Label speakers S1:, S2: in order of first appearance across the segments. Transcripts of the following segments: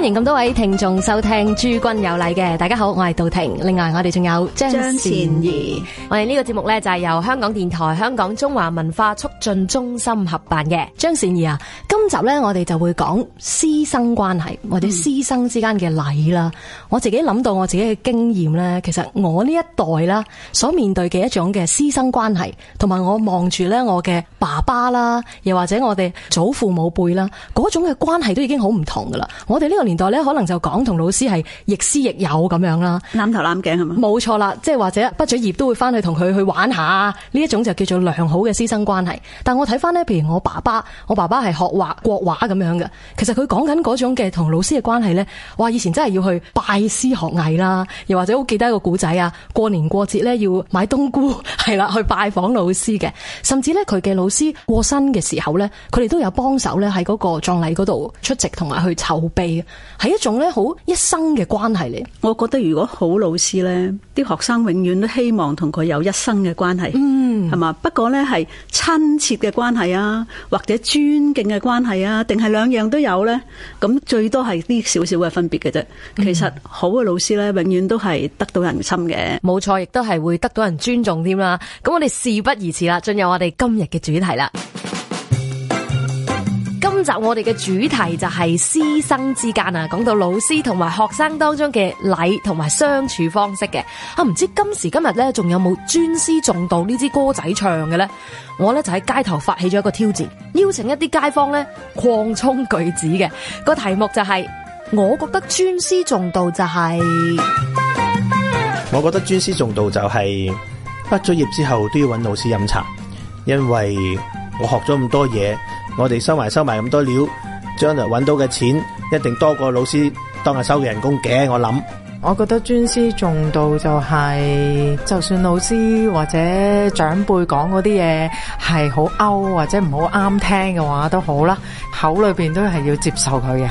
S1: 歡迎咁多位聽眾收聽《諸君有禮》嘅。大家好，我係杜婷。另外我哋仲有張善儀，我哋呢個節目呢，就係由香港電台、香港中華文化促進中心合辦嘅。張善儀啊，今集呢，我哋就會講師生關係或者師生之間嘅禮啦。嗯。我自己諗到我自己嘅經驗呢，其實我呢一代啦，所面對嘅一種嘅師生關係，同埋我望住呢我嘅爸爸啦，又或者我哋祖父母輩啦嗰種嘅關係都已經好唔同噶啦。我哋呢個年年代咧，可能就講同老師係亦師亦友咁樣啦，攬頭攬頸係嘛？冇錯啦，即係或者畢咗業都會翻去同佢去玩下呢一種就叫做良好嘅師生關係。但我睇翻咧，譬如我爸爸，我爸爸係學畫國畫咁樣嘅，其實佢講緊嗰種嘅同老師嘅關係咧，哇！以前真係要去拜師學藝啦，又或者好記得一個古仔啊，過年過節咧要買冬菇係 啦，去拜訪老師嘅，甚至咧佢嘅老師過身嘅時候咧，佢哋都有幫手咧喺嗰個葬禮嗰度出席同埋去籌備。係一種咧好一生嘅關係嚟，我覺得如果好老師呢啲學生永
S2: 遠都希望同佢有一生嘅關係，嗯、係嘛？不過呢係親切嘅關係啊，或者尊敬嘅關係啊，定係兩樣都有呢？咁最多係啲少少嘅分別嘅啫。嗯、其實好嘅老師呢永遠都係得到人心嘅，冇錯，亦
S1: 都係會得到人尊重添啦。咁我哋事不宜遲啦，進入我哋今日嘅主題啦。今集我哋嘅主題就係、是、師生之間啊，講到老師同埋學生當中嘅禮同埋相處方式嘅，啊唔知今時今日咧仲有冇尊師重道呢支歌仔唱嘅咧？我咧就喺街頭發起咗一個挑戰，邀請一啲街坊咧擴充句子嘅，個題目就係、是，我覺得尊師重道就係、是，
S3: 我覺得尊師重道就係、是，畢咗業之後都要揾老師飲茶，因為我學咗咁多嘢。我哋收埋收埋咁多料，將來揾到嘅錢一定多過老師當日收嘅人工嘅，我諗。
S1: 我覺得尊師重道就係，就算老師或者長輩講嗰啲嘢係好勾，或者唔好啱聽嘅話都好啦，口裏邊都係要接受佢嘅，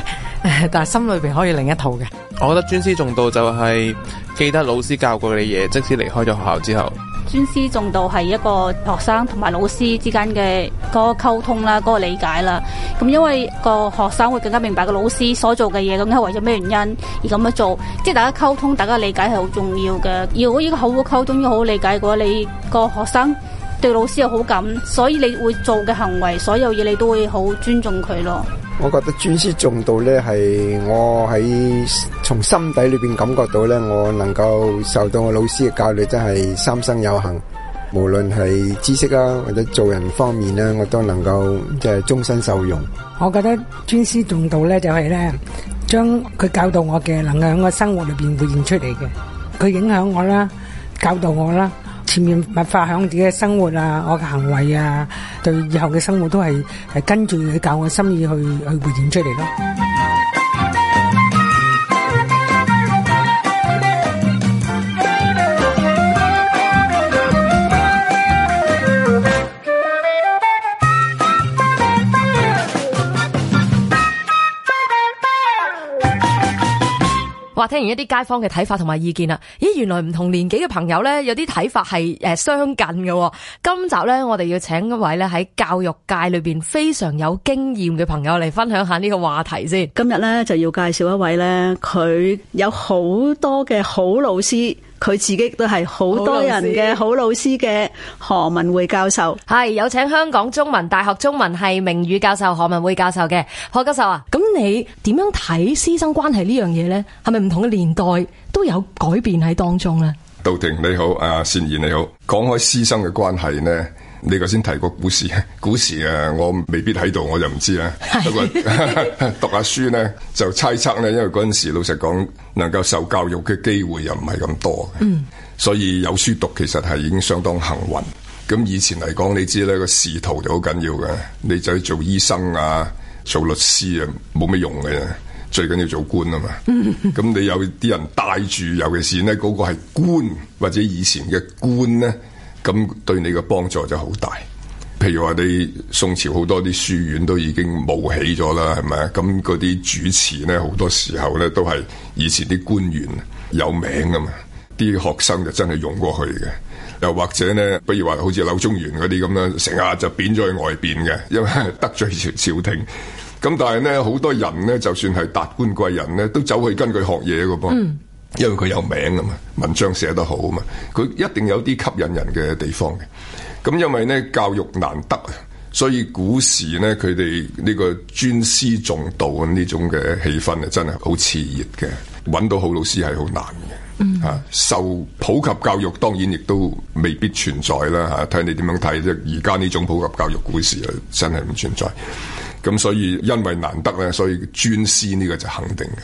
S1: 但係心裏邊可以另一套嘅。
S3: 我覺得尊師重道就係記得老師教過嘅嘢，即使離開咗學校之後。
S2: 尊師重道係一個學生同埋老師之間嘅嗰個溝通啦，嗰、那個理解啦。咁因為個學生會更加明白個老師所做嘅嘢，究竟係為咗咩原因而咁樣做？即係大家溝通，大家理解係好重要嘅。如果依個好好溝通，要好好理解嘅話，你個學生對老師有好感，所以你會做嘅行為，所有嘢你都會好尊重佢咯。
S3: 我覺得尊師重道咧，係我喺從心底裏邊感覺到咧，我能夠受到我老師嘅教誨，真係三生有幸。無論係知識啊，或者做人方面啦，我都能夠即係終身受用。
S1: 我覺得尊師重道咧，就係咧將佢教導我嘅，能夠喺我生活裏邊表現出嚟嘅，佢影響我啦，教導我啦。前面咪發響自己嘅生活啊，我嘅行為啊，對以後嘅生活都係係跟住佢教我心意去去回應出嚟咯。話聽完一啲街坊嘅睇法同埋意見啦，咦，原來唔同年紀嘅朋友呢，有啲睇法係誒相近嘅。今集呢，我哋要請一位呢喺教育界裏邊非常有經驗嘅朋友嚟分享下呢個話題先。今日呢，就要介紹一
S2: 位呢，佢有好多嘅好老師。佢自己都係好多人嘅好
S1: 老師嘅何文匯教授，係有請香港中文大學中文系名譽教授何文匯教授嘅。何教授啊，咁你點樣睇師生關係呢樣嘢呢？係咪唔同嘅年代都有改變喺當中呢？
S3: 杜婷你好，阿善言，你好，講、啊、開師生嘅關係呢。你頭先提過古時，古時啊，我未必喺度，我就唔知啦、啊。不 過 讀下書咧，就猜測咧，因為嗰陣時老實講，能夠受教育嘅機會又唔係咁多嘅、嗯，所以有書讀其實係已經相當幸運。咁以前嚟講，你知咧個仕途就好緊要嘅，你就要做醫生啊、做律師啊，冇咩用嘅，最緊要做官啊嘛。咁你有啲人帶住，尤其是咧嗰、嗰個係官或者以前嘅官咧。咁對你嘅幫助就好大。譬如話，你宋朝好多啲書院都已經冒起咗啦，係咪啊？咁嗰啲主持咧，好多時候咧都係以前啲官員有名啊嘛，啲學生就真係湧過去嘅。又或者咧，不如話好似柳宗元嗰啲咁啦，成日就貶咗去外邊嘅，因為得罪朝朝廷。咁但係咧，好多人咧，就算係達官貴人咧，都走去跟佢學嘢嘅噃。嗯因為佢有名啊嘛，文章寫得好啊嘛，佢一定有啲吸引人嘅地方嘅。咁因為咧教育難得，所以古時咧佢哋呢個尊師重道呢種嘅氣氛啊，真係好熾熱嘅。揾到好老師係好難嘅，吓、嗯、受普及教育當然亦都未必存在啦。吓睇你點樣睇，即係。而家呢種普及教育古時啊，真係唔存在。咁所以因為難得咧，所以尊師呢個就肯定嘅。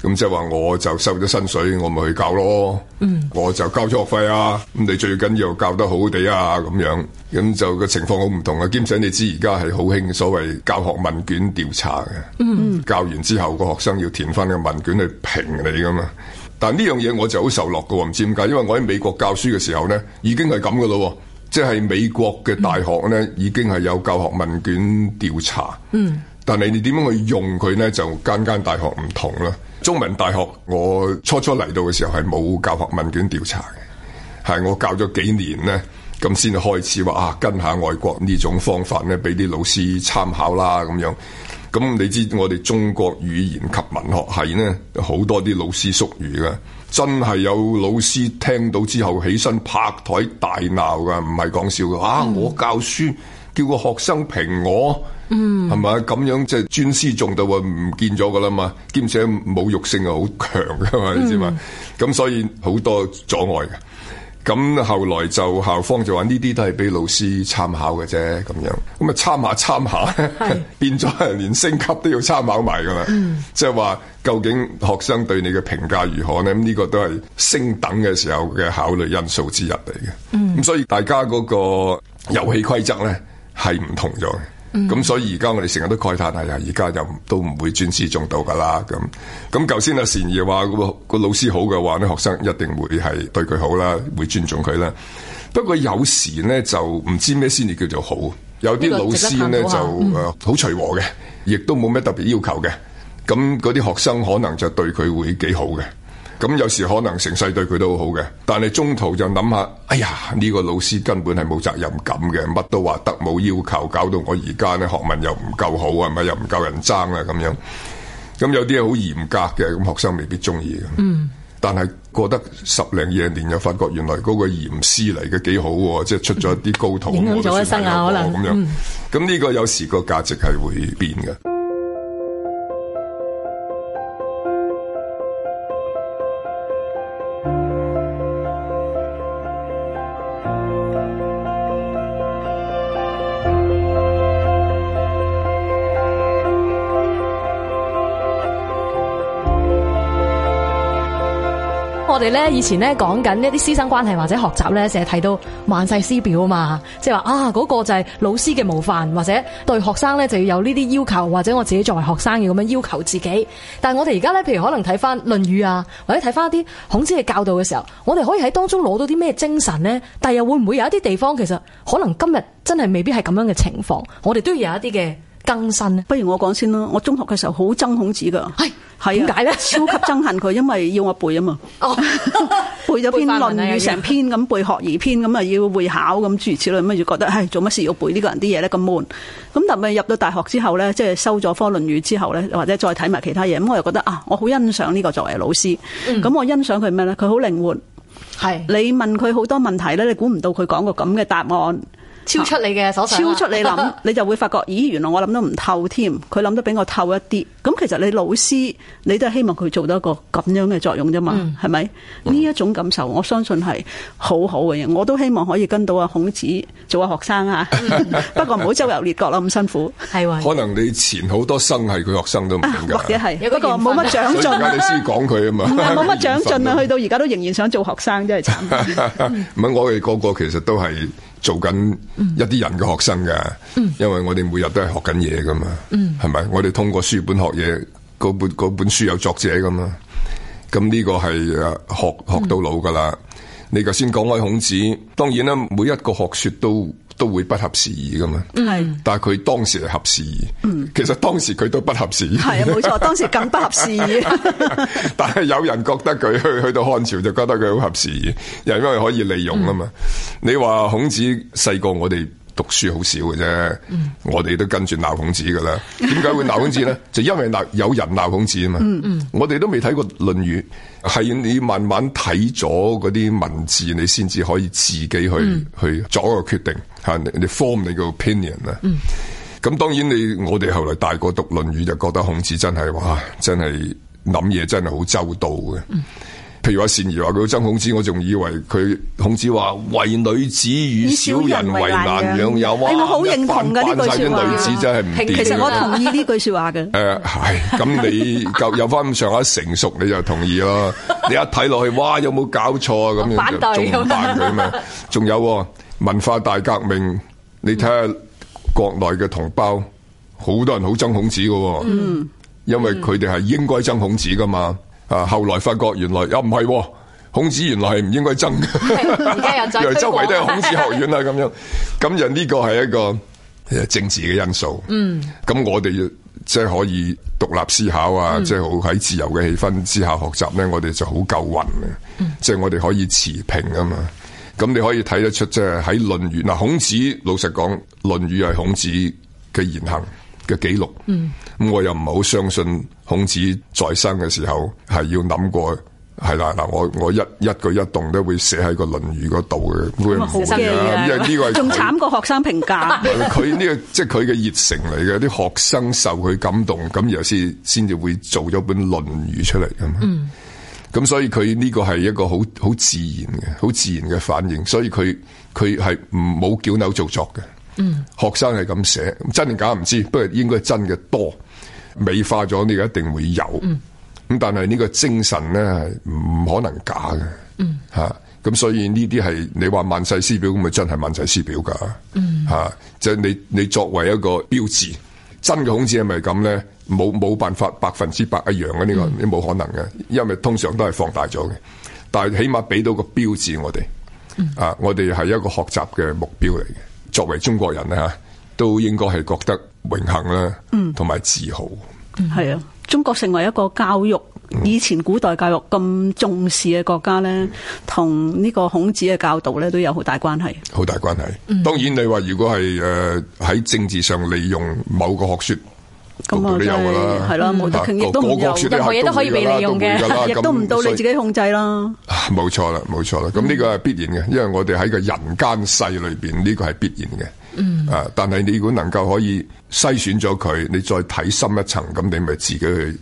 S3: 咁即係話，我就收咗薪水，我咪去教咯。嗯，我就交咗學費啊。咁你最緊要教得好好地啊，咁樣。咁就個情況好唔同啊。兼且你知而家係好興所謂教學問卷調查嘅。嗯，教完之後個學生要填翻個問卷去評你噶嘛。但呢樣嘢我就好受落噶，唔知點解。因為我喺美國教書嘅時候咧，已經係咁噶咯。即係美國嘅大學咧，嗯，已經係有教學問卷調查。嗯。但係你點樣去用佢呢？就間間大學唔同啦。中文大學我初初嚟到嘅時候係冇教學問卷調查嘅，係我教咗幾年呢，咁先開始話啊跟下外國呢種方法呢，俾啲老師參考啦咁樣。咁你知我哋中國語言及文學系呢，好多啲老師縮語㗎。真係有老師聽到之後起身拍台大鬧噶，唔係講笑㗎，嗯。啊！我教書。叫個學生評我，
S4: 係、嗯、
S3: 咪？咁樣即係尊師重道啊，唔見咗噶啦嘛。兼且侮辱性係，好強噶嘛，你知嘛？咁、嗯、所以好多阻礙嘅。咁後來就校方就話呢啲都係俾老師參考嘅啫，咁樣咁啊，參考參考， 變咗係連升級都要參考埋噶啦。即係話究竟學生對你嘅評價如何呢？呢、呢個都係升等嘅時候嘅考慮因素之一嚟嘅。咁、嗯、所以大家嗰個遊戲規則咧。係唔同咗咁、嗯、所以而家我哋成日都慨嘆係，而家就都唔會尊師重道噶啦。咁咁，頭先阿善義話個個老師好嘅話咧，學生一定會係對佢好啦，會尊重佢啦。不過有時咧就唔知咩先至叫做好，有啲老師咧、這個嗯、就好、呃、隨和嘅，亦都冇咩特別要求嘅。咁嗰啲學生可能就對佢會幾好嘅。咁有時可能成世對佢都好嘅，但係中途就諗下，哎呀呢個老師根本係冇責任感嘅，乜都話得冇要求，搞到我而家咧學問又唔夠好，係咪又唔夠人爭啊咁樣。咁有啲好嚴格嘅，咁學生未必中意。嗯。但係過得十零二年又發覺，原來嗰個嚴師嚟嘅幾好，即係出咗啲高徒。影響咗一生啊，可能咁樣。咁呢個有時個價值係會
S4: 變嘅。
S1: 我哋咧以前咧講緊一啲師生關係或者學習咧，成日睇到萬世師表啊嘛，即係話啊嗰個就係老師嘅模範，或者對學生咧就要有呢啲要求，或者我自己作為學生要咁樣要求自己。但係我哋而家咧，譬如可能睇翻《論語》啊，或者睇翻一啲孔子嘅教導嘅時候，我哋可以喺當中攞到啲咩精神咧？但係又會唔會有一啲地方，其實可能今日真係未必係咁樣嘅情況？我哋都要有一啲嘅。更新
S2: 咧，不如我講先咯。我中學嘅時候好憎孔子噶，係、係點解咧？超級憎恨佢，因為要我背啊嘛。哦， 背咗篇論語成篇咁 背，學而篇咁啊要會考咁諸如此類，咁啊覺得係、哎、做乜事要背呢個人啲嘢咧咁悶。咁但係入到大學之後咧，即係收咗科論語之後咧，或者再睇埋其他嘢，咁我又覺得啊，我好欣賞呢個作為老師。咁、嗯、我欣賞佢咩咧？佢好靈活。係你問佢好多問題咧，你估唔到佢講個咁嘅答案。超出你嘅所，超出你諗， 你就會發覺，咦，原來我諗得唔透添，佢諗得比我透一啲。咁其實你老師，你都係希望佢做到一個咁樣嘅作用啫嘛，係、嗯、咪？呢、嗯、一種感受，我相信係好好嘅嘢。我都希望可以跟到阿孔子做下學生啊，嗯、 不過唔好周遊列國啦，咁 辛苦。係、啊、可
S3: 能你前好多生係佢學生都唔同噶，或者
S2: 係，不過冇乜長進。而 家你
S3: 先講佢啊嘛，冇 乜長進啊，去
S2: 到而家都仍然想做學生，真係慘。
S3: 唔 係 我哋個,個個其實都係。做緊一啲人嘅學生嘅、嗯，因為我哋每日都係學緊嘢噶嘛，係、嗯、咪？我哋通過書本學嘢，嗰本嗰本書有作者噶嘛，咁呢個係學學到老噶啦、嗯。你頭先講開孔子，當然啦，每一個學説都。都會不合時宜噶嘛，是但係佢當時係合時宜、嗯，其實當時佢都不合時宜，係啊冇錯，當
S2: 時更不合時宜。
S3: 但係有人覺得佢去去到漢朝就覺得佢好合時宜，又因為可以利用啊嘛。嗯、你話孔子細個我哋。讀書好少嘅啫，嗯，我哋都跟住鬧孔子噶啦。點解會鬧孔子呢？ 就因為鬧有人鬧孔子啊嘛。嗯嗯，我哋都未睇過《論語》，係你慢慢睇咗嗰啲文字，你先至可以自己去，嗯，去做一個決定吓，你 form 你個 opinion 啊。咁，嗯，當然你我哋後來大個讀《論語》，就覺得孔子真係哇，真係諗嘢真係好周到嘅。嗯譬如阿善儀話佢憎孔子，我仲以為佢孔子話為女子與小人為難養有哇！欸、認
S2: 同一班怪晒啲女子真係唔掂。其實我同意呢句說話嘅。
S3: 誒、 呃，係咁你有有翻咁上下成熟，你就同意咯。你一睇落去，哇，有冇搞錯啊？咁 樣仲唔反對嘛？仲有文化大革命，你睇下國內嘅同胞，好多人好憎孔子嘅。嗯，因為佢哋係應該憎孔子噶嘛。嗯嗯啊！後來發覺原來又唔係孔子，原來係唔應該爭
S4: 嘅。而 家周圍都係孔子學院
S3: 啦，咁 樣咁就呢個係一個政治嘅因素。咁、嗯、我哋即係可以獨立思考啊！即係好喺自由嘅氣氛之下學習咧，我哋就好夠運嘅。即、嗯、係、就是、我哋可以持平啊嘛。咁你可以睇得出在，即係喺《論語》嗱，孔子老實講，《論語》係孔子嘅言行嘅記錄。
S4: 咁、
S3: 嗯、我又唔係好相信。孔子在生嘅時候，係要諗過，係啦嗱，我我一一舉一動都會寫喺個論《論語》嗰度嘅，因為呢個係仲慘
S2: 過學生評價。佢 呢、
S3: 呢個即係佢嘅熱誠嚟嘅，啲學生受佢感動，咁而先先至會做咗本論《論、嗯、語》出嚟咁。咁所以佢呢個係一個好好自然嘅、好自然嘅反應。所以佢佢係唔冇矯揉做作嘅。嗯，學生係咁寫，真定假唔知，不過應該係真嘅多。美化咗你一定會有，咁、嗯、但係呢個精神咧係唔可能假嘅，吓、嗯、咁、啊、所以呢啲係你話萬世師表咁咪真係萬世師表噶，吓即係你你作為一個標誌，真嘅孔子係咪咁咧？冇冇辦法百分之百一樣嘅呢、這個，你、嗯、冇可能嘅，因為通常都係放大咗嘅，但係起碼俾到個標誌我哋，啊我哋係一個學習嘅目標嚟嘅，作為中國人吓、啊、都應該係覺得。榮幸啦，嗯，同埋自豪，
S2: 係啊。中國成為一個教育以前古代教育咁重視嘅國家咧，同、嗯、呢個孔子嘅教導咧都有好大關係，
S3: 好大關係、嗯。當然你話如果係誒喺政治上利用某個學說，咁、嗯嗯、啊都有噶啦，係咯、冇得亦都任何嘢都可以被利用嘅，亦都唔到你自己控制啦。冇錯啦，冇錯啦。咁呢個係必然嘅、嗯，因為我哋喺個人間世裏邊呢個係必然嘅、嗯，啊，但係你如果能夠可以。篩選咗佢，你再睇深一層，咁你咪自己去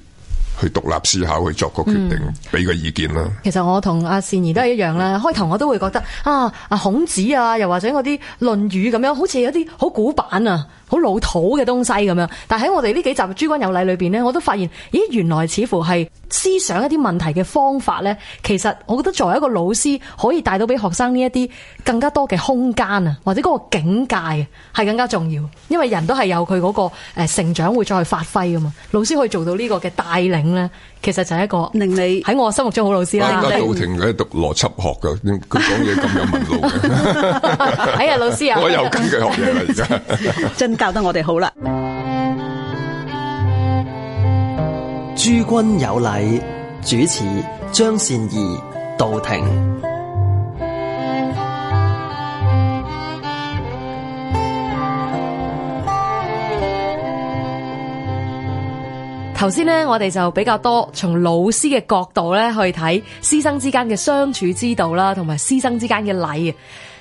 S3: 去獨立思考，去作個決定，俾、嗯、個意見
S4: 啦。
S1: 其實我同阿善兒都係一樣啦。開頭我都會覺得啊，阿孔子啊，又或者嗰啲《論語》咁樣，好似有啲好古板啊。好老土嘅東西咁樣，但喺我哋呢幾集《珠光有禮》裏邊呢，我都發現，咦，原來似乎係思想一啲問題嘅方法呢。其實我覺得作為一個老師，可以帶到俾學生呢一啲更加多嘅空間啊，或者嗰個境界啊係更加重要，因為人都係有佢嗰個誒成長會再去發揮噶嘛，老師可以做到呢個嘅帶領呢，其實就係一個令你喺我心目中好老
S2: 師啦。杜
S3: 婷喺度讀邏輯學嘅，佢講嘢咁有門路嘅。 哎呀，老師啊， 我又咁嘅學嘢啦，而
S2: 家現在 教得我哋好啦！
S3: 諸君有禮，主持張善儀到庭。
S1: 頭先呢，我哋就比較多從老師嘅角度咧去睇師生之間嘅相處之道啦，同埋師生之間嘅禮啊！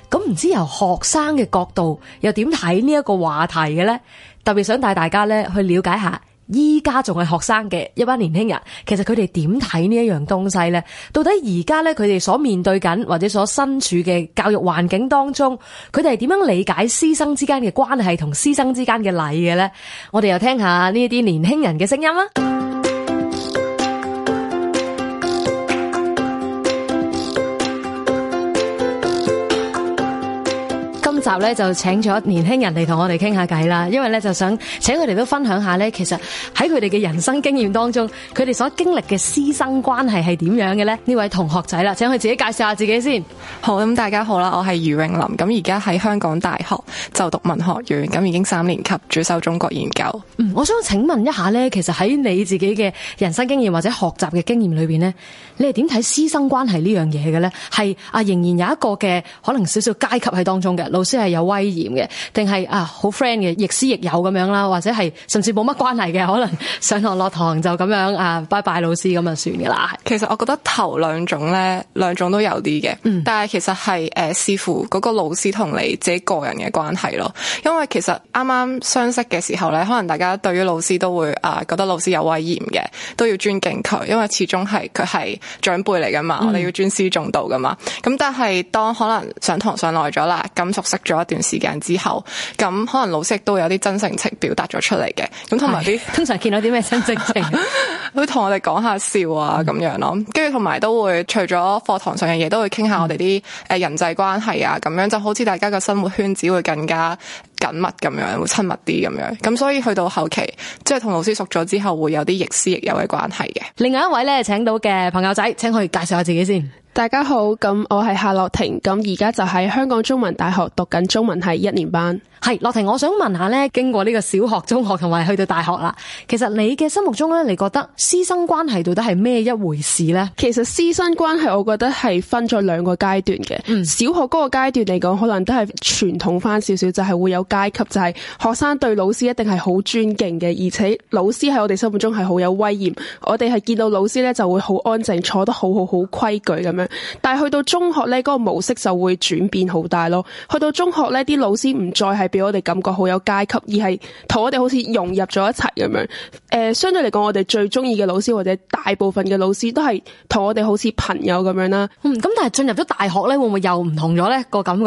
S1: 咁唔知由學生嘅角度又點睇呢一個話題嘅呢？特別想帶大家呢去了解下，依家仲係學生嘅一班年輕人，其實佢哋點睇呢一樣東西呢？到底而家呢，佢哋所面對緊或者所身處嘅教育環境當中，佢哋係點樣理解師生之間嘅關係同師生之間嘅禮嘅呢？我哋又聽下呢一啲年輕人嘅聲音啦。集咧就請咗年輕人嚟同我哋傾下偈啦，因為咧就想請佢哋都分享下咧，其實喺佢哋嘅人生經驗當中，佢哋所經歷嘅師生關係係點樣嘅呢？
S5: 呢位同學仔啦，請佢自己介紹下自己先。好，咁，大家好啦，我係余詠琳，咁而家喺香港大學就讀文學院，咁已經三年級，主修中國研究。嗯，
S1: 我想請問一下呢，其實喺你自己嘅人生經驗或者學習嘅經驗裏邊呢，你係點睇師生關係呢樣嘢嘅呢？係啊，仍然有一個嘅可能少少階級喺當中嘅老師。即係有威嚴嘅，定係啊好 friend 嘅，亦師亦友咁樣啦，或者係甚至冇乜關係
S5: 嘅，可能上堂落堂就咁樣啊，拜拜老師咁就算嘅啦。其實我覺得頭兩種呢，兩種都有啲嘅、嗯，但係其實係誒視乎嗰個老師同你自己個人嘅關係咯。因為其實啱啱相識嘅時候呢，可能大家對於老師都會啊覺得老師有威嚴嘅，都要尊敬佢，因為始終係佢係長輩嚟噶嘛，嗯、我哋要尊師重道噶嘛。咁但係當可能上堂上耐咗啦，咁熟悉。咗一段時間之後，咁可能老師亦都有啲真性情表達咗出嚟嘅。咁同埋啲通常見到啲咩真性情，會 同我哋講下笑啊咁、嗯、樣咯，跟住同埋都會除咗課堂上嘅嘢，都會傾下我哋啲誒人際關係啊咁、嗯、樣，就好似大家嘅生活圈子會更加。緊密咁樣，會親密啲咁樣，咁所以去到後期，即係同
S6: 老師熟咗之後，會有啲亦師亦友嘅關係嘅。另外一位呢，請到嘅朋友仔，請佢介紹下自己先。大家好，咁我係夏樂婷，咁而家就喺香港中文大學讀緊中文系一年班。係樂婷，我想問下呢，經過呢個小學、中學同埋去到大學啦，其實你嘅心目中呢，你覺得師生關係到底係咩一回事呢？其實師生關係，我覺得係分咗兩個階段嘅、嗯。小學嗰個階段嚟講，可能都係傳統翻少少，就係、是、會有。階級就係學生對老師一定係好尊敬嘅，而且老師喺我哋心目中係好有威嚴，我哋係見到老師呢就會好安靜，坐得好好好規矩咁樣。但係去到中學呢，嗰個模式就會轉變好大咯。去到中學呢，啲老師唔再係俾我哋感覺好有階級，而係同我哋好似融入咗一齊咁樣。誒，相對嚟講，我哋最中意嘅老師或者大部分嘅老師都係同我哋好似朋友咁樣啦。嗯，咁但係進入咗大學呢，會唔會又唔同咗呢？個感覺？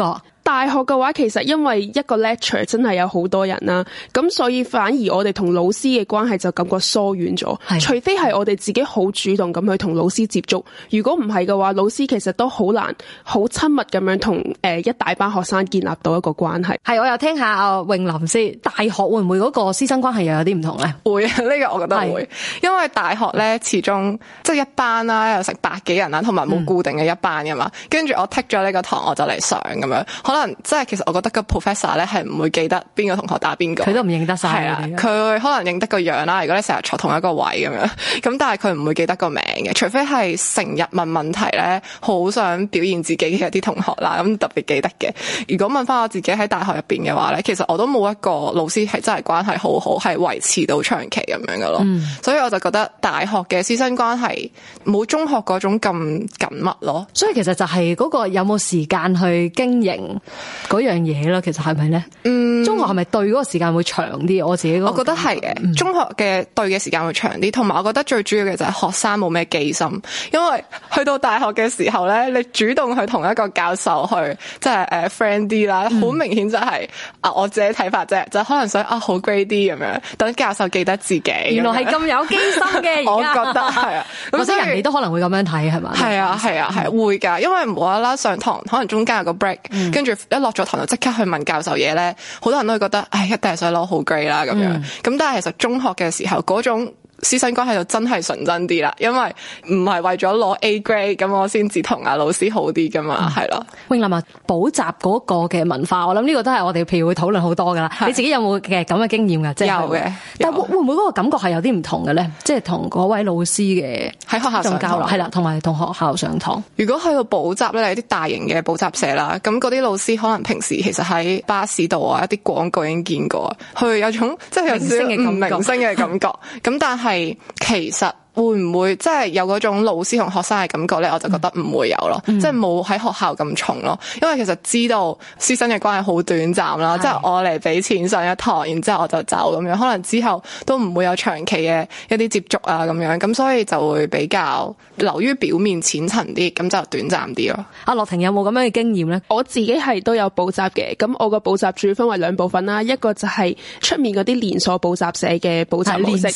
S6: 大學嘅話，其實因為一個 lecture 真係有好多人啦，咁所以反而我哋同老師嘅關係就感覺疏遠咗。除非係我哋自己好主動咁去同老師接觸，如果唔係嘅話，老師其實都好難好親密咁樣同誒一大班學生建立到一個關係。係，我又聽一下詠琳先，大學會唔會嗰個師生關係又有啲唔同呢？
S5: 會啊，呢、這個我覺得會，因為大學呢，始終即係一班啦，又成百幾人啦，同埋冇固定嘅一班噶嘛。跟、嗯、住我 take 咗呢個堂，我就嚟上咁樣，可能即係其實我覺得個 professor 咧係唔會記得邊個同學打邊個，佢都唔認得晒。係啦，佢可能認得個樣啦。如果你成日坐同一個位咁樣，咁但係佢唔會記得個名嘅，除非係成日問問題咧，好想表現自己嘅一啲同學啦，咁特別記得嘅。如果問翻我自己喺大學入面嘅話咧，其實我都冇一個老師係真係關係好好，係維持到長期咁樣嘅咯、嗯。所以我就覺得大學嘅師生關係冇中學嗰種咁緊密咯。所以其實就係嗰個有冇時間去經營。嗰樣嘢囉，其實係咪咧？嗯，中學係咪對嗰個時間會長啲？我自己，我覺得係嘅、嗯。中學嘅對嘅時間會長啲，同、嗯、埋我覺得最主要嘅就係學生冇咩記心，因為去到大學嘅時候咧，你主動去同一個教授去，即係誒 friend 啲啦。好明顯就係、是嗯、啊，我自己睇法啫，就是、可能想啊好 grade 啲咁樣，等教授記得自己。原來係咁有機心嘅， 我覺得係啊。咁 人哋都可能會咁樣睇，係嘛？係啊，係啊，係、啊啊嗯、會噶，因為無啦啦上堂可能中間有個 break，跟、嗯一落咗台就即刻去問教授嘢咧，好多人都會覺得，唉，一定係想佬好 g r a d 啦咁樣。咁、嗯、但係其實中學嘅時候嗰種。師生關係就真係純真啲啦，因為唔係為咗攞 A grade 咁，我先至同阿老師好啲㗎嘛，係、嗯、咯。
S1: 永林啊，補習嗰個嘅文化，我諗呢個都係我哋譬如會討論好多㗎啦。你自己有冇嘅咁嘅經驗呀、就是？有嘅。但會唔會嗰個感覺係有啲唔同嘅咧？即係同嗰位老師嘅喺學校上交流，係啦，同埋同學校
S5: 上堂。如果去到補習咧，有、就、啲、是、大型嘅補習社啦，咁嗰啲老師可能平時其實喺巴士度啊，一啲廣告已經見過，佢有種即係、就是、有唔明星嘅感覺。明星嘅感覺。咁 但係。係其實。會唔會即係有嗰種老師同學生嘅感覺呢，我就覺得唔會有咯，嗯、即係冇喺學校咁重咯。嗯、因為其實知道師生嘅關係好短暫啦，即係我嚟俾錢上一堂，然之後我就走咁樣，可能之後都唔會有長期嘅一啲接觸啊咁樣，咁所以就會比較留於表面淺
S6: 層啲，咁就短暫啲咯。阿樂婷有冇咁樣嘅經驗呢？我自己係都有補習嘅，咁我個補習主要分為兩部分啦，一個就係出面嗰啲連鎖補習社嘅補習模式，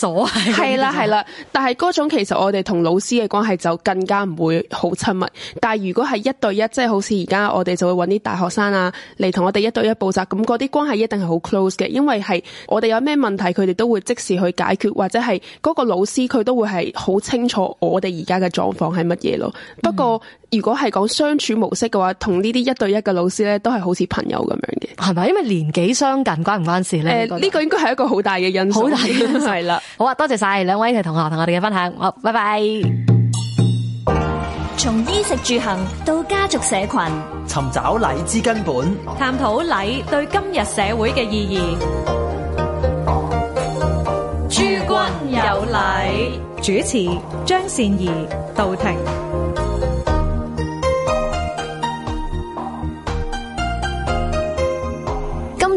S6: 係啦係啦，但係。嗰種其實我哋同老師嘅關係就更加唔會好親密，但係如果係一對一，即係好似而家我哋就會揾啲大學生啊嚟同我哋一對一補習，咁嗰啲關係一定係好 close 嘅，因為係我哋有咩問題，佢哋都會即時去解決，或者係嗰個老師佢都會係好清楚我哋而家嘅狀況係乜嘢咯。不過，嗯如果係講相處模式嘅話，同呢啲一對一嘅老師咧，都係好似朋友咁樣嘅，係咪？因為年紀相近，關唔關事咧？誒，呢個應該係一個好大嘅因素，好大嘅因素係啦。
S1: 好啊，多謝晒兩位嘅同學同我哋嘅分享，好拜拜。從衣食住行到家族社群，
S3: 尋找禮之根本，
S1: 探討禮對今日社會嘅意義。
S3: 諸
S4: 君有禮，
S1: 主持張善儀到庭。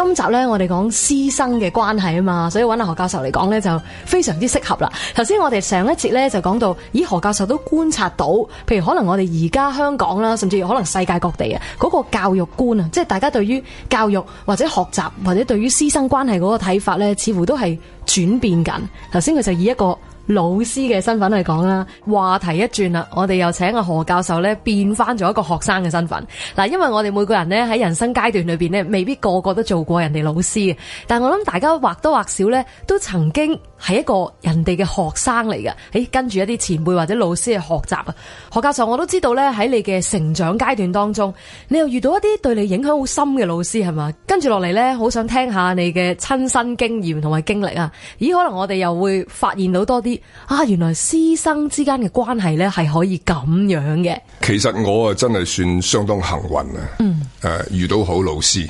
S1: 今集呢，我哋講師生嘅關係啊嘛，所以揾阿何教授嚟講呢，就非常之適合啦。頭先我哋上一節呢，就講到，咦，何教授都觀察到，譬如可能我哋而家香港啦，甚至可能世界各地啊，嗰個教育觀啊，即係大家對於教育或者學習或者對於師生關係嗰個睇法呢，似乎都係轉變緊。頭先佢就以一個。老師嘅身份嚟講啦，話題一轉啦，我哋又請阿何教授咧變翻咗一個學生嘅身份。嗱，因為我哋每個人咧喺人生階段裏面咧，未必個個都做過人哋老師，但我諗大家或多或少咧都曾經。係一個人哋嘅學生嚟嘅，誒、欸、跟住一啲前輩或者老師去學習啊。何教授，我都知道咧喺你嘅成長階段當中，你又遇到一啲對你影響好深嘅老師係嘛？跟住落嚟咧，好想聽下你嘅親身經驗同埋經歷啊。咦，可能我哋又會發現到多啲啊，原來師生之間嘅關係咧係可以咁樣嘅。
S3: 其實我啊真係算相當幸運啊，嗯誒、啊、遇到好老師，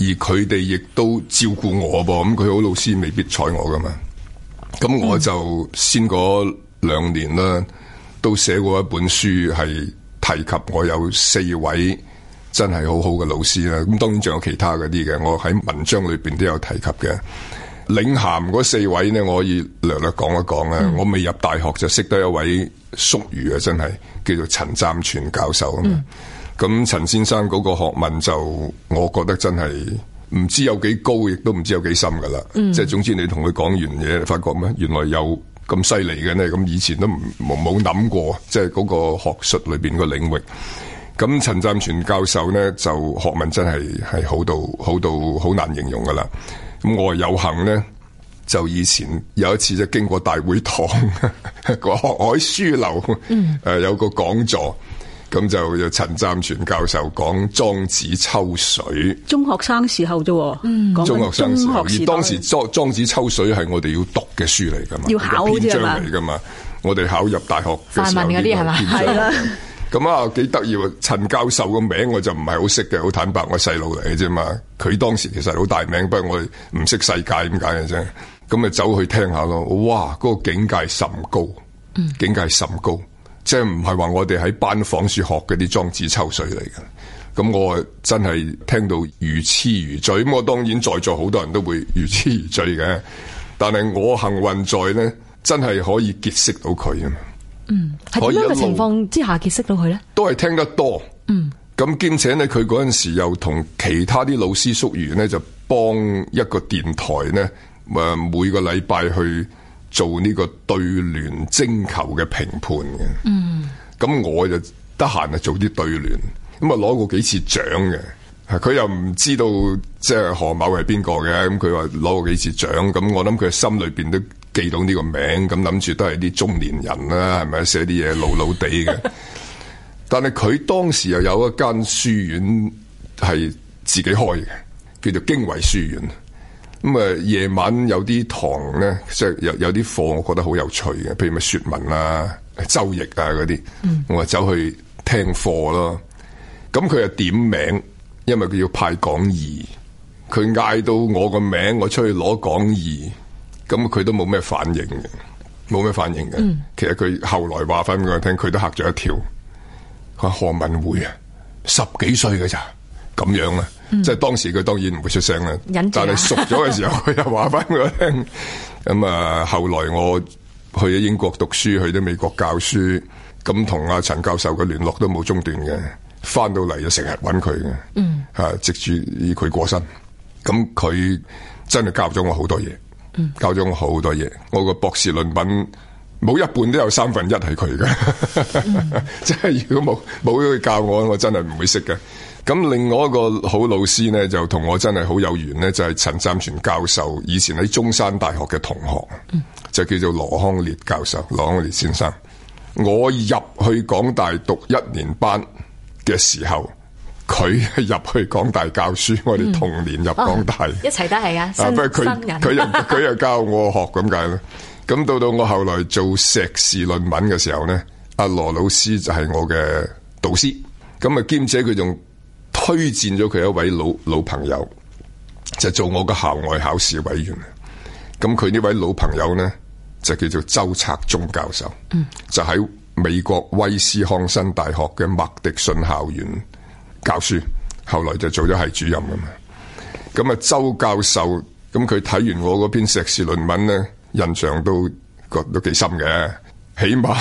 S3: 而佢哋亦都照顧我噃。咁佢好老師未必睬我噶嘛。咁我就先嗰兩年啦，都寫過一本書，係提及我有四位真係好好嘅老師啦。咁當然仲有其他嗰啲嘅，我喺文章裏面都有提及嘅。領銜嗰四位呢，我可以略略講一講啊、嗯。我未入大學就識得一位宿儒啊，真係叫做陳湛銓教授。咁、嗯、陳先生嗰個學問就，我覺得真係，唔知有幾高，亦都唔知有幾深噶啦。即、嗯、係總之你，你同佢講完嘢，發覺咩？原來有咁犀利嘅呢。咁以前都唔冇冇諗過。即係嗰個學術裏邊個領域。咁陳湛全教授呢，就學問真係係好到好到好難形容噶啦。咁我有幸呢，就以前有一次就經過大會堂 學、嗯呃、個學海書樓，誒有個講座。咁就就陳湛銓教授講《莊子秋水》，
S2: 中學生時候啫，嗯講講，中學生時候，學時而當時
S3: 莊莊子秋水係我哋要讀嘅書嚟噶嘛，要考篇章嚟㗎嘛，我哋考入大學範文嗰啲係嘛，係啦。咁啊，幾得意啊！陳教授個名，我就唔係好識嘅，好坦白，我細路嚟嘅啫嘛。佢當時其實好大名，不過我哋唔識世界點解嘅啫。咁啊，走去聽下咯，哇，嗰個境界甚高，境界甚高。嗯即係唔係話我哋喺班房書學嗰啲裝置抽水嚟嘅，咁我真係聽到如痴如醉。咁我當然在座好多人都會如痴如醉嘅，但係我幸運在咧，真係可以結識到佢啊。嗯，
S1: 係點樣嘅情況之下結識到佢咧？
S3: 都係聽得多。嗯。咁兼且咧，佢嗰陣時又同其他啲老師熟員咧，就幫一個電台咧，誒，每個禮拜去。做呢個對聯徵求嘅評判嘅，咁、嗯、我就得閒啊做啲對聯，咁啊攞過幾次獎嘅。佢又唔知道即係何某係邊個嘅，咁佢話攞過幾次獎，咁我諗佢心裏邊都記到呢個名，咁諗住都係啲中年人啦，係咪寫啲嘢老老地嘅？ 但係佢當時又有一間書院係自己開嘅，叫做經緯書院。咁啊，夜晚有啲堂咧，即係有有啲課，我覺得好有趣嘅，譬如咩《說文》啊、《周易》啊嗰啲，我啊走去聽課咯。咁佢又點名，因為佢要派講義，佢嗌到我個名，我出去攞講義，咁佢都冇咩反應嘅，冇咩反應嘅。其實佢後來話翻俾我聽，佢都吓咗一跳，佢何文匯啊，十幾歲嘅咋？咁樣啦、嗯，即係當時佢當然唔會出聲啦、啊。但係熟咗嘅時候，佢又話翻我聽。咁啊，後來我去咗英國讀書，去咗美國教書，咁同阿陳教授嘅聯絡都冇中斷嘅。翻到嚟就成日搵佢嘅，直住佢過身。咁佢真係教咗我好多嘢，嗯，教咗我好多嘢。我個博士論文冇一半都有三分一係佢嘅，嗯、 即係如果冇冇佢教我，我真係唔會識嘅。咁另外一個好老師呢，就同我真係好有緣呢，就係、是、陳湛全教授，以前喺中山大學嘅同學，就叫做羅康烈教授，羅康烈先生。我入去港大讀一年班嘅時候，佢係入去港大教書，我哋同年入港大，
S1: 嗯哦、一齊都係啊，新佢又
S3: 佢又教我學咁解咯。咁到到我後來做碩士論文嘅時候呢，阿、啊、羅老師就係我嘅導師。咁啊兼且佢仲。推薦咗佢一位老老朋友，就做我個校外考試委員。咁佢呢位老朋友呢，就叫做周策縱教授，嗯、就喺美國威斯康辛大學嘅麥迪遜校園教書，後來就做咗系主任啊嘛。咁啊，周教授咁佢睇完我嗰篇碩士論文呢，印象都覺都幾深嘅。起碼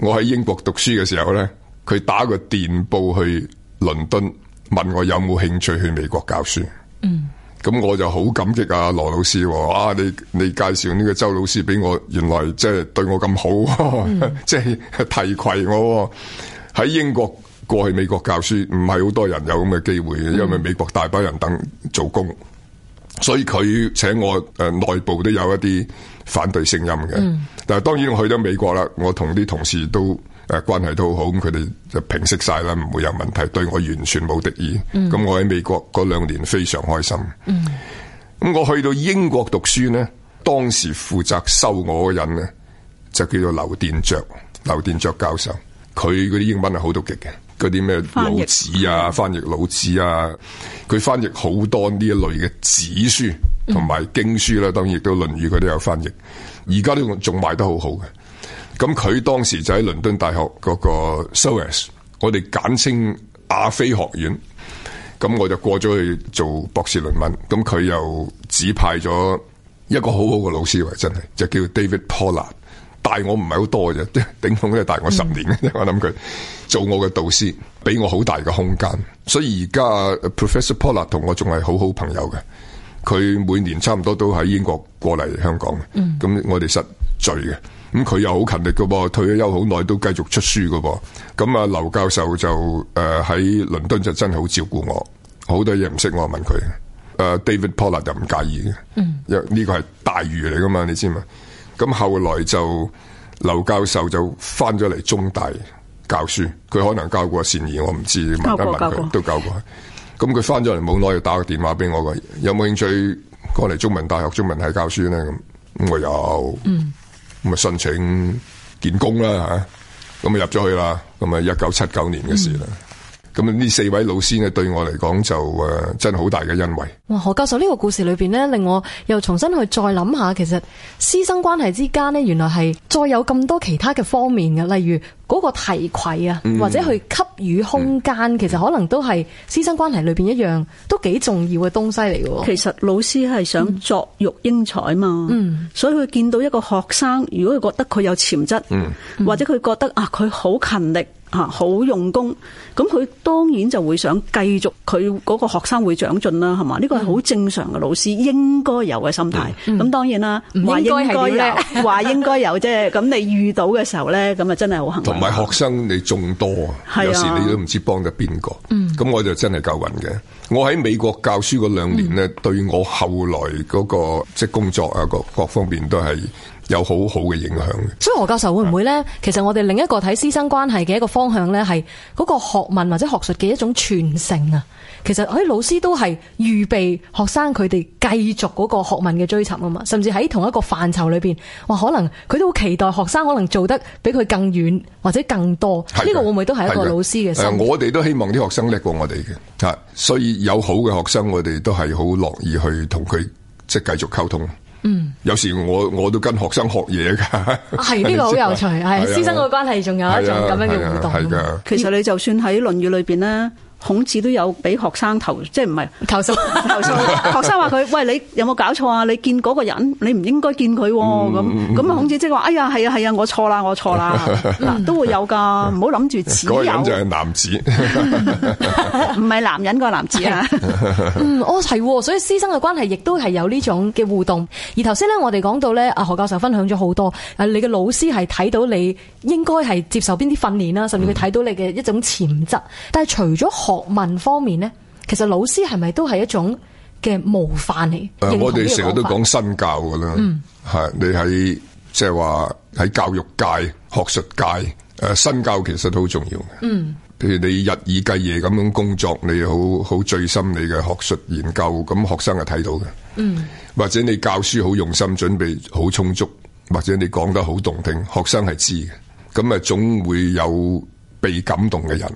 S3: 我喺英國讀書嘅時候呢，佢打個電報去倫敦，問我有冇興趣去美國教書？
S4: 嗯，
S3: 咁我就好感激阿羅老師，啊你你介紹呢個周老師俾我，原來即係對我咁好，即、嗯、係 提携我喺英國過去美國教書，唔係好多人有咁嘅機會，因為美國大把人等做工，所以佢請我誒內部都有一啲反對聲音嘅，嗯。但係當然我去咗美國啦，我同啲同事都誒、啊，關係都好好，咁佢哋就平息晒啦，唔會有問題，對我完全冇敵意。咁、嗯、我喺美國嗰兩年非常開心。
S4: 咁、
S3: 嗯、我去到英國讀書呢，當時負責收我嘅人呢，就叫做劉殿爵，劉殿爵教授，佢嗰啲英文係好到極嘅，嗰啲咩老子啊，翻譯老子啊，佢翻譯好多呢一類嘅子書同埋經書啦，當然亦都《論語》佢都有翻譯，而家呢個仲賣得好好嘅。咁佢當時就喺倫敦大學嗰個 SOAS 我哋簡稱亞非學院。咁我就過咗去做博士論文。咁佢又指派咗一個好好嘅老師，真係就叫 David Pollard。大我唔係好多嘅啫，頂峰都係大我十年。嗯、我諗佢做我嘅導師，俾我好大嘅空間。所以而家 Professor Pollard 同我仲係好好朋友嘅。佢每年差唔多都喺英國過嚟香港。咁、嗯、我哋實聚嘅。咁、嗯、佢又好勤力噶噃，退咗休好耐都繼續出書噶噃。咁、嗯、啊，劉教授就誒喺倫敦就真係好照顧我，好多嘢唔識我問佢。誒、呃、，David Pollard 就唔介意嘅，因呢個係大魚嚟噶嘛，你知嘛？咁、嗯嗯、後來就劉教授就翻咗嚟中大教書，佢可能教過善意，我唔知，問一問佢都教過。咁佢翻咗嚟冇耐，就打個電話俾我嘅，有冇興趣過嚟中文大學，中文，大學中文系教書咧？咁我有。嗯咁咪申請建工啦，咁咪入咗去啦。咁咪一九七九年嘅事啦。嗯咁呢四位老師呢對我嚟講就誒，真係好大嘅欣慰。
S1: 哇！何教授呢，這個故事裏邊呢，令我又重新去再諗下，其實師生關係之間呢，原來係再有咁多其他嘅方面嘅，例如嗰個提攜啊，或者去給予空間，嗯，其實可能都係師生關係裏邊一樣都幾重要嘅東西嚟喎。
S2: 其實老師係想作育英才嘛，嗯，所以佢見到一個學生，如果佢覺得佢有潛質，嗯，或者佢覺得啊，佢好勤力。好、啊、用功，咁佢當然就會想繼續佢嗰個學生會長進啦，係嘛？呢個係好正常嘅老師、嗯、應該有嘅心態。咁、嗯、當然啦，話、嗯、應該有，話應， 應該有啫。咁你遇到嘅時候咧，咁啊真係好幸。同
S3: 埋學生你仲多啊，有時你都唔知幫得邊個。咁、嗯、我就真係夠運嘅。我喺美國教書嗰兩年呢、嗯、對我後來嗰、那個即係工作啊，各各方面都係有好好嘅影響嘅。
S1: 所以何教授會唔會呢、嗯？其實我哋另一個睇師生關係嘅一個方向呢，係嗰個學問或者學術嘅一種傳承啊。其實喺老師都係預備學生佢哋繼續嗰個學問嘅追尋啊嘛，甚至喺同一個範疇裏邊，話可能佢都好期待學生可能做得比佢更遠或者更多。
S4: 呢個會唔會都係一個老師嘅？我
S3: 哋都希望啲學生叻過我哋嘅，所以有好嘅學生，我哋都係好樂意去同佢即係繼續溝通。嗯，有時我我都跟學生學嘢噶，係呢個好有趣，係師生嘅
S1: 關係仲
S2: 有一種咁樣嘅互動
S3: 的
S4: 的。其
S2: 實你就算喺《論語》裏邊咧。孔子都有俾學生投，即係唔係投訴投， 投學生話佢：，喂，你有冇搞錯啊？你見嗰個人，你唔應該見佢咁、啊。咁、嗯、孔子即係話：，哎呀，係啊，係啊，啊，我錯啦，我錯啦。嗱、嗯，都會有噶，唔好諗住只有。嗰個
S3: 就係男子，
S1: 唔 係男人個男子啊。是 嗯，我、哦、喎、哦。所以師生嘅關係亦都係有呢種嘅互動。而頭先呢，我哋講到呢，阿何教授分享咗好多，你嘅老師係睇到你應該係接受邊啲訓練啦，甚至佢睇到你嘅一種潛質。嗯、但除咗學學問方面咧，其實老師係咪都係一種嘅模範嚟？啊？我哋成日都講
S3: 身教噶啦，係、嗯、你喺即係話喺教育界、學術界，誒、呃、身教其實都好重要嘅。嗯，譬如你日以繼夜咁樣工作，你好好醉心你嘅學術研究，咁學生係睇到嘅。嗯，或者你教書好用心，準備好充足，或者你講得好動聽，學生係知嘅。咁啊，總會有被感動嘅人。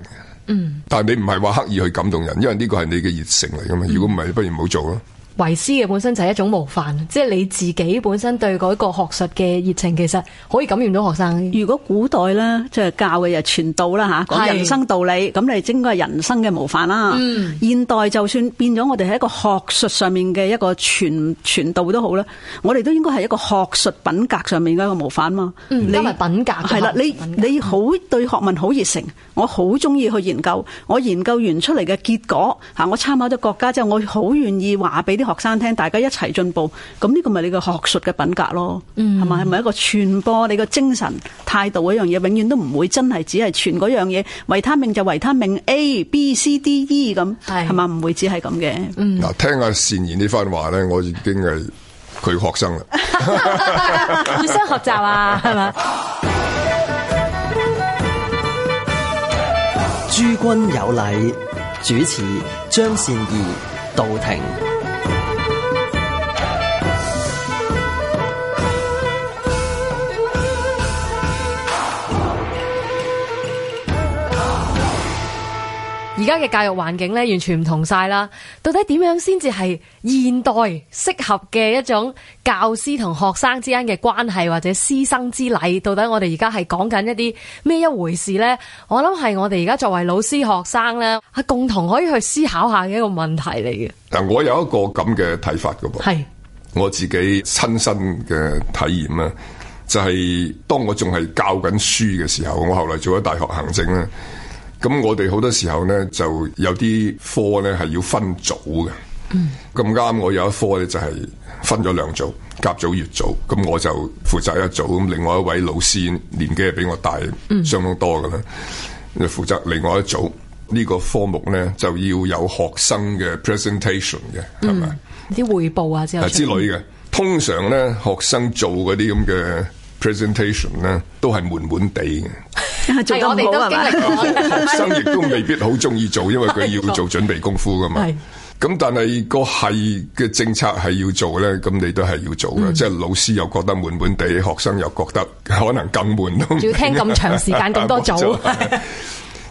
S3: 嗯，但你唔係話刻意去感動人，因為呢個係你嘅熱誠嚟噶嘛。如果唔係，你不如唔好做咯。
S1: 為師嘅本身就係一種模範，即係你自己本身對嗰個學術嘅熱情，其實可以感染到學生。如果古代咧，即係教嘅就傳
S2: 道啦嚇，講人生道理，咁你應該係人生嘅模範啦、嗯。現代就算變咗，我哋係一個學術上面嘅一個傳傳道都好啦，我哋都應該係一個學術品格上面嘅一個模範嘛、嗯。你係品格係啦，你你好對學問好熱誠，我好中意去研究，我研究完出嚟嘅結果嚇，我參考咗國家之後，我好願意話俾啲學生聽，大家一齊進步，咁呢個咪你個學術嘅品格咯，
S4: 係咪係咪
S2: 一個傳播你個精神態度嗰樣嘢，永遠都唔會真係只係傳嗰樣嘢，維他命就維他命 A、B、C、D、E 咁，係係嘛，唔會只係咁嘅。
S3: 嗱、嗯，聽阿善言呢番話咧，我已經係佢學生
S2: 啦，互 相 學習啊，係 嘛。
S3: 諸君有禮，主持張善儀到庭。
S1: 而家嘅教育環境咧，完全唔同晒啦。到底點樣先至係現代適合嘅一種教師同學生之間嘅關係，或者師生之禮？到底我哋而家係講緊一啲咩一回事呢？我諗係我哋而家作為老師、學生呢，啊，共同可以去思考下嘅一個問題嚟
S3: 嘅。但我有一個咁嘅睇法㗎噃，係我自己親身嘅體驗啦。就係、是、當我仲係教緊書嘅時候，我後來做咗大學行政啦。咁我哋好多時候呢，就有啲科呢係要分組嘅。咁、嗯、啱我有一科呢，就係分咗兩組，甲組、乙組。咁我就負責一組，咁另外一位老師年紀係比我大，相當多㗎喇，嗯、就負責另外一組。呢、呢個科目呢，就要有學生嘅 presentation 嘅，
S1: 係咪啲彙報啊之類嘅？
S3: 通常呢，學生做嗰啲咁嘅。presentation 咧都係悶悶地嘅，
S4: 係、 哎、我哋都經歷過 學生亦都未
S3: 必好中意做，因為佢要做準備功夫噶嘛。咁 但係個係嘅政策係要做咧，咁你都係要做嘅、嗯。即係老師又覺得悶悶地，學生又覺得可能更悶。仲要聽咁長時間咁多組。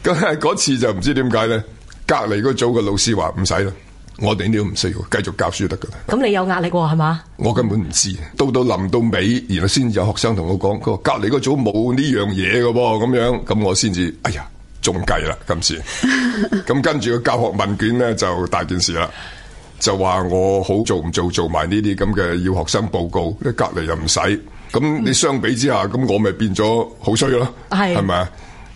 S3: 咁係嗰次就唔知點解咧， 隔籬嗰組嘅老師話唔使啦。我哋呢啲都唔需要，繼續教書得噶啦。
S1: 咁你有壓力喎、哦，係嘛？
S3: 我根本唔知，到到臨到尾，然後先有學生同我講，佢話隔籬個組冇呢樣嘢㗎喎。咁樣，咁我先至，哎呀，仲計啦今次。咁 跟住個教學問卷咧就大件事啦，就話我好做唔做做埋呢啲咁嘅要學生報告，隔籬又唔使，咁你相比之下，咁、嗯、我咪變咗好衰咯，係係咪啊？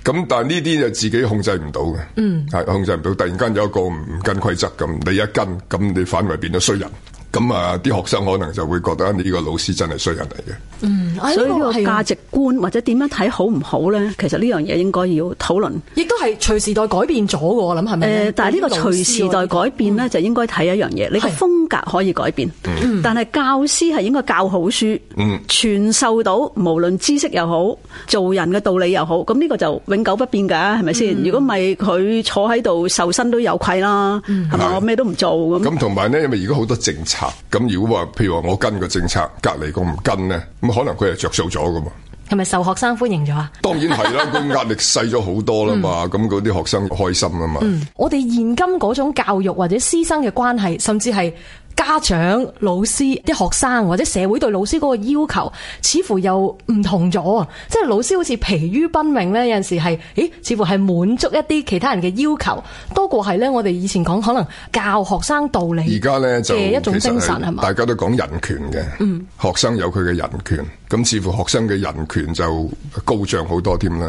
S3: 咁但係呢啲就自己控制唔到嘅，係、嗯、控制唔到。突然間有一個唔跟規則，咁，你一跟咁，你反為變咗衰人。咁啊，啲學生可能就會覺得呢個老師真係衰人嚟
S1: 嘅。
S2: 嗯，哎、所以個價值觀、啊、或者點樣睇好唔好咧？其實呢樣嘢應該要討論，
S1: 亦都係隨時代改變咗，我諗係
S2: 咪？但係呢個隨時代改變咧、嗯，就應該睇一樣嘢。你風格可以改變，啊嗯、但係教師係應該教好書，
S4: 嗯、
S2: 傳授到無論知識又好，做人嘅道理又好。咁呢個就永久不變㗎，係咪先？如果唔係佢坐喺度受薪都有愧啦，
S3: 係、嗯、咪？我咩、啊啊、都唔做咁。咁同埋呢，因為而家好多政策。咁如果話譬如話我跟個政策，隔籬咁唔跟咧，咁可能佢係着數咗噶嘛？
S1: 係咪受學生歡迎咗啊？
S3: 當然係啦，咁 壓力細咗好多啦嘛，咁嗰啲學生開心啊嘛。
S1: 我哋現今嗰種教育或者師生嘅關係，甚至係。家長、老師、啲學生或者社會對老師嗰個要求似，似乎又唔同咗啊！即係老師好似疲於奔命呢，有陣時係，誒，似乎係滿足一啲其他人嘅要求，多過係呢。我哋以前講可能教學生道理，而家呢就一種精神係嘛？大
S3: 家都講人權嘅，嗯，學生有佢嘅人權，咁似乎學生嘅人權就高漲好多添啦。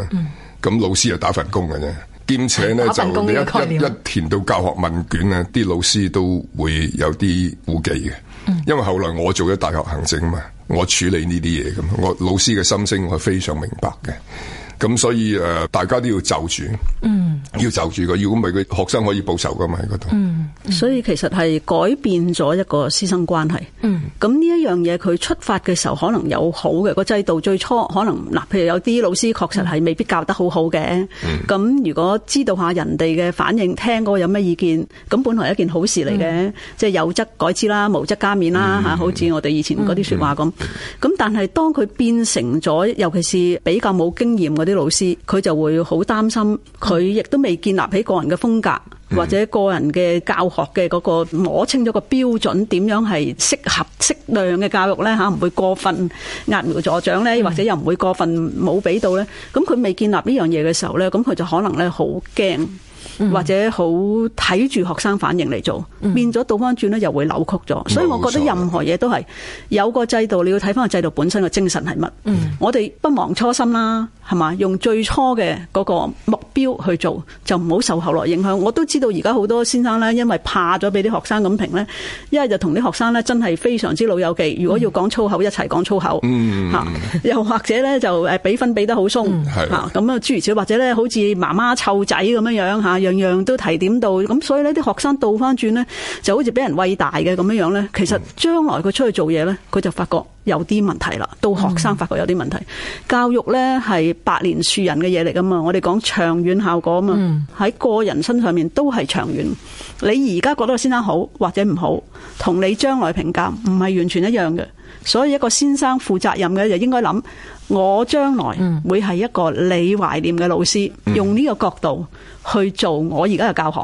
S3: 咁、嗯、老師又打份工嘅啫。兼且咧就你一一,一,一填到教學問卷咧，啲老師都會有啲顧忌嘅。因為後來我做咗大學行政啊嘛，我處理呢啲嘢咁我老師嘅心聲我係非常明白嘅。咁所以誒、呃、大家都要就住，
S2: 嗯，
S3: 要就住嘅。如果唔係佢學生可以報仇噶嘛喺度。嗯，
S2: 所以其實係改變咗一個師生關係，嗯，咁呢一樣嘢，佢出發嘅時候可能有好嘅個制度，最初可能嗱，譬如有啲老師確實係未必教得好好嘅。嗯，咁如果知道下人哋嘅反應，聽過有咩意見，咁本來係一件好事嚟嘅，嗯，即係有則改之啦，無則加勉啦，吓、嗯、好似我哋以前嗰啲說話咁。咁、嗯嗯、但係當佢變成咗，尤其是比較冇經驗嗰啲。老師佢就會好擔心，佢亦都未建立起個人嘅風格，或者個人嘅教學嘅嗰個摸清咗個標準，點樣係適合適量嘅教育呢吓，唔會過分揠苗助長呢，或者又唔會過分冇俾到呢。咁佢未建立呢樣嘢嘅時候呢，咁佢就可能咧好驚。或者好睇住學生反應嚟做，變咗倒翻轉咧又會扭曲咗、嗯，所以我覺得任何嘢都係有，、嗯、有個制度，你要睇翻個制度本身嘅精神係乜、嗯。我哋不忘初心啦，係嘛？用最初嘅嗰、嗰個目標去做就唔好受後來影響。我都知道而家好多先生呢，因為怕咗俾啲學生咁評呢，一係就同啲學生呢，真係非常之老友記。如果要講粗口，一齊講粗口嚇、嗯啊，又或者呢，就誒俾分俾得好鬆嚇。咁、嗯、啊，啊諸如此，或者呢，好似媽媽湊仔咁樣樣嚇、啊，樣樣都提點到。咁、啊、所以呢啲學生倒翻轉呢，就好似俾人餵大嘅咁樣樣呢。其實將來佢出去做嘢呢，佢就發覺有啲問題啦。到學生發覺有啲問題、嗯，教育呢，係百年樹人嘅嘢嚟㗎嘛。我哋講長遠、嗯、效果啊嘛，喺個人身上面都係長遠。你而家覺得個先生好或者唔好，同你將來評價唔係完全一樣嘅。所以一個先生負責任嘅就應該諗。我將來會係一個你懷念嘅老師，嗯、用呢
S1: 個角度去做我而家嘅教學，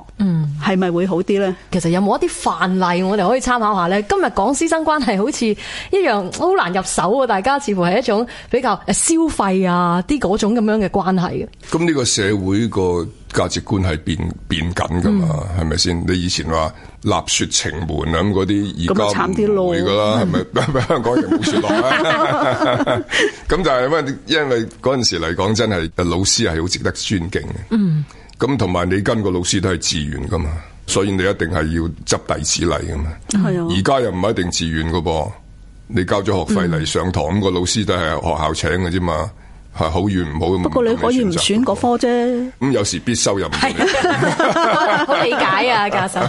S1: 係、嗯、咪會好啲呢？其實有冇一啲範例我哋可以參考下呢？今日講師生關係好似一樣好難入手啊！大家似乎係一種比較誒消費啊啲嗰種咁樣嘅關係，
S3: 咁呢個社會個。價值觀係變變緊噶嘛，係咪先？你以前話立雪程門咁嗰啲，而家唔會噶啦，係、嗯、咪？香港人冇雪落啊！咁就係因為嗰陣時嚟講，真係老師係好值得尊敬嘅。咁同埋你跟個老師都係自願噶嘛，所以你一定係要執弟子禮噶嘛。而、嗯、家又唔係一定自願噶噃，你交咗學費嚟上堂，咁、嗯、個老師都係學校請嘅啫嘛。係好遠唔好，不過你可以唔選嗰科啫。咁、嗯、有時必修又唔係，
S4: 好理解啊，教授。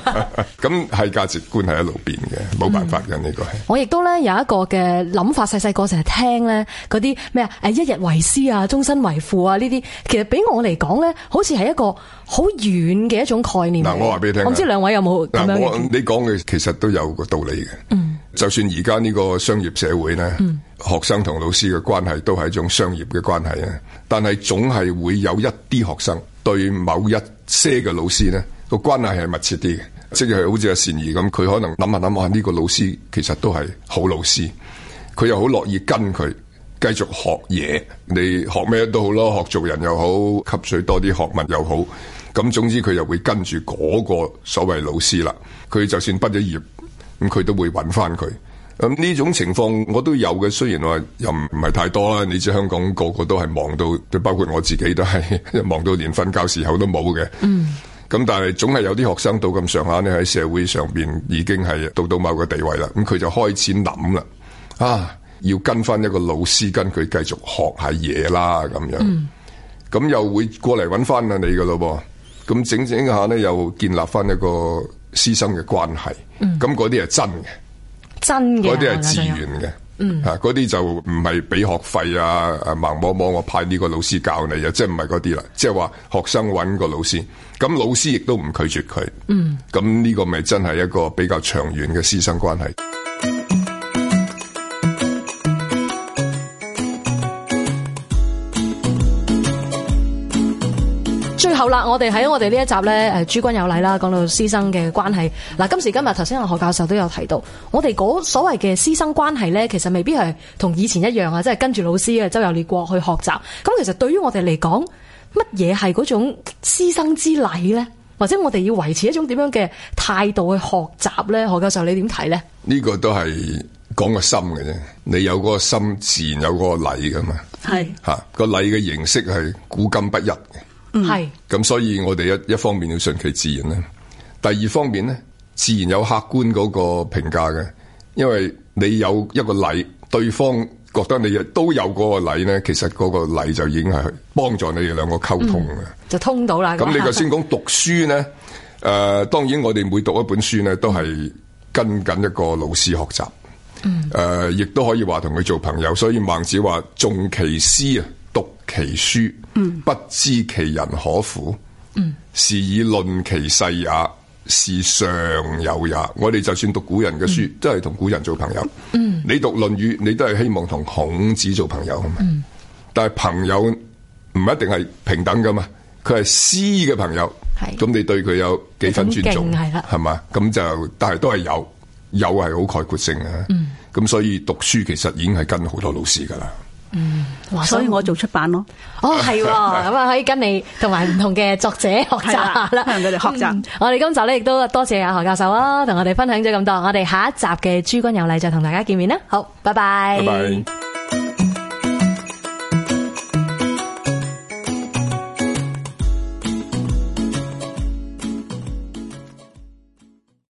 S3: 咁係價值觀係一路變嘅，冇辦法嘅呢、嗯，這個係。
S1: 我亦都咧有一個嘅諗法，細細個成日聽咧嗰啲咩啊，誒一日為師啊，終身為父啊呢啲，其實俾我嚟講咧，好似係一個。好遠嘅一種概念。嗱、啊，我話俾你聽，我唔知兩位有冇咁樣、啊？
S3: 你講嘅其實都有個道理嘅。嗯，就算而家呢個商業社會咧，嗯、學生同老師嘅關係都係一種商業嘅關係啊。但係總係會有一啲學生對某一些嘅老師咧個關係係密切啲嘅，即係好似阿善儀咁，佢可能諗下諗下呢個老師其實都係好老師，佢又好樂意跟佢繼續學嘢。你學咩都好咯，學做人又好，吸取多啲學問又好。咁總之佢又會跟住嗰個所謂老師啦，佢就算畢咗業，咁佢都會搵翻佢。咁呢種情況我都有嘅，雖然話又唔係太多啦。你知香港個個都係忙到，包括我自己都係忙到連瞓覺時候都冇嘅。咁、嗯、但係總係有啲學生到咁上下咧，喺社會上面已經係到到某個地位啦。咁佢就開始諗啦，啊，要跟翻一個老師跟佢繼續學下嘢啦咁樣。咁、嗯、又會過嚟搵翻啊你噶咯噃。咁整整下咧，又建立翻一個師生嘅關係。咁嗰啲係真嘅，
S1: 真嘅，嗰啲係
S3: 自願嘅。嗯，吓嗰啲就唔係俾學費啊！誒，盲摸摸，我派呢個老師教你啊，即係唔係嗰啲啦。即係話學生揾個老師，咁老師亦都唔拒絕佢。
S4: 嗯，
S3: 咁呢個咪真係一個比較長遠嘅師生關係。
S1: 好啦，我哋喺我哋呢一集咧，誒，諸君有禮啦，講到師生嘅關係嗱。今時今日，頭先何教授都有提到，我哋嗰所謂嘅師生關係咧，其實未必係同以前一樣啊，即係跟住老師啊，周遊列國去學習。咁其實對於我哋嚟講，乜嘢係嗰種師生之禮咧？或者我哋要維持一種點樣嘅態度去學習咧？何教授，你點睇咧？
S3: 呢個都係講個心嘅啫，你有個心，自然有嗰個禮噶嘛。係吓個禮嘅形式係古今不一。Mm. 嗯，係。咁所以我，我哋一一方面要順其自然咧，第二方面咧，自然有客觀嗰個評價嘅。因為你有一個禮，對方覺得你都有嗰個禮咧，其實嗰個禮就已經係幫助你哋兩個溝通嘅
S1: ，mm. 就通到啦。咁你頭先
S3: 講讀書咧，誒、 呃，當然我哋每讀一本書咧，都係跟緊一個老師學習，誒、
S4: mm.
S3: 呃，亦都可以話同佢做朋友。所以孟子話：重其師啊。其書、嗯、不知其人可乎？嗯、是以論其世也，是尚友也。我哋就算讀古人嘅書，嗯、都係同古人做朋友。嗯、你讀《論語》，你都係希望同孔子做朋友啊？嘛、嗯，但係朋友唔一定係平等噶嘛，佢係師嘅朋友，咁你對佢有幾分尊重係咪？係嘛？咁就但係都係有，有係好概括性啊。咁、嗯、所以讀書其實已經係跟好多老師噶啦。
S1: 嗯，哇，所以我做出版咯，哦係，咁啊 可以跟你同埋唔同嘅作者學習下啦，向佢哋學習、嗯。我哋今集咧亦都多謝阿何教授啊，同我哋分享咗咁多。我哋下一集嘅諸君有禮，就同大家見面啦。好，拜拜。拜拜。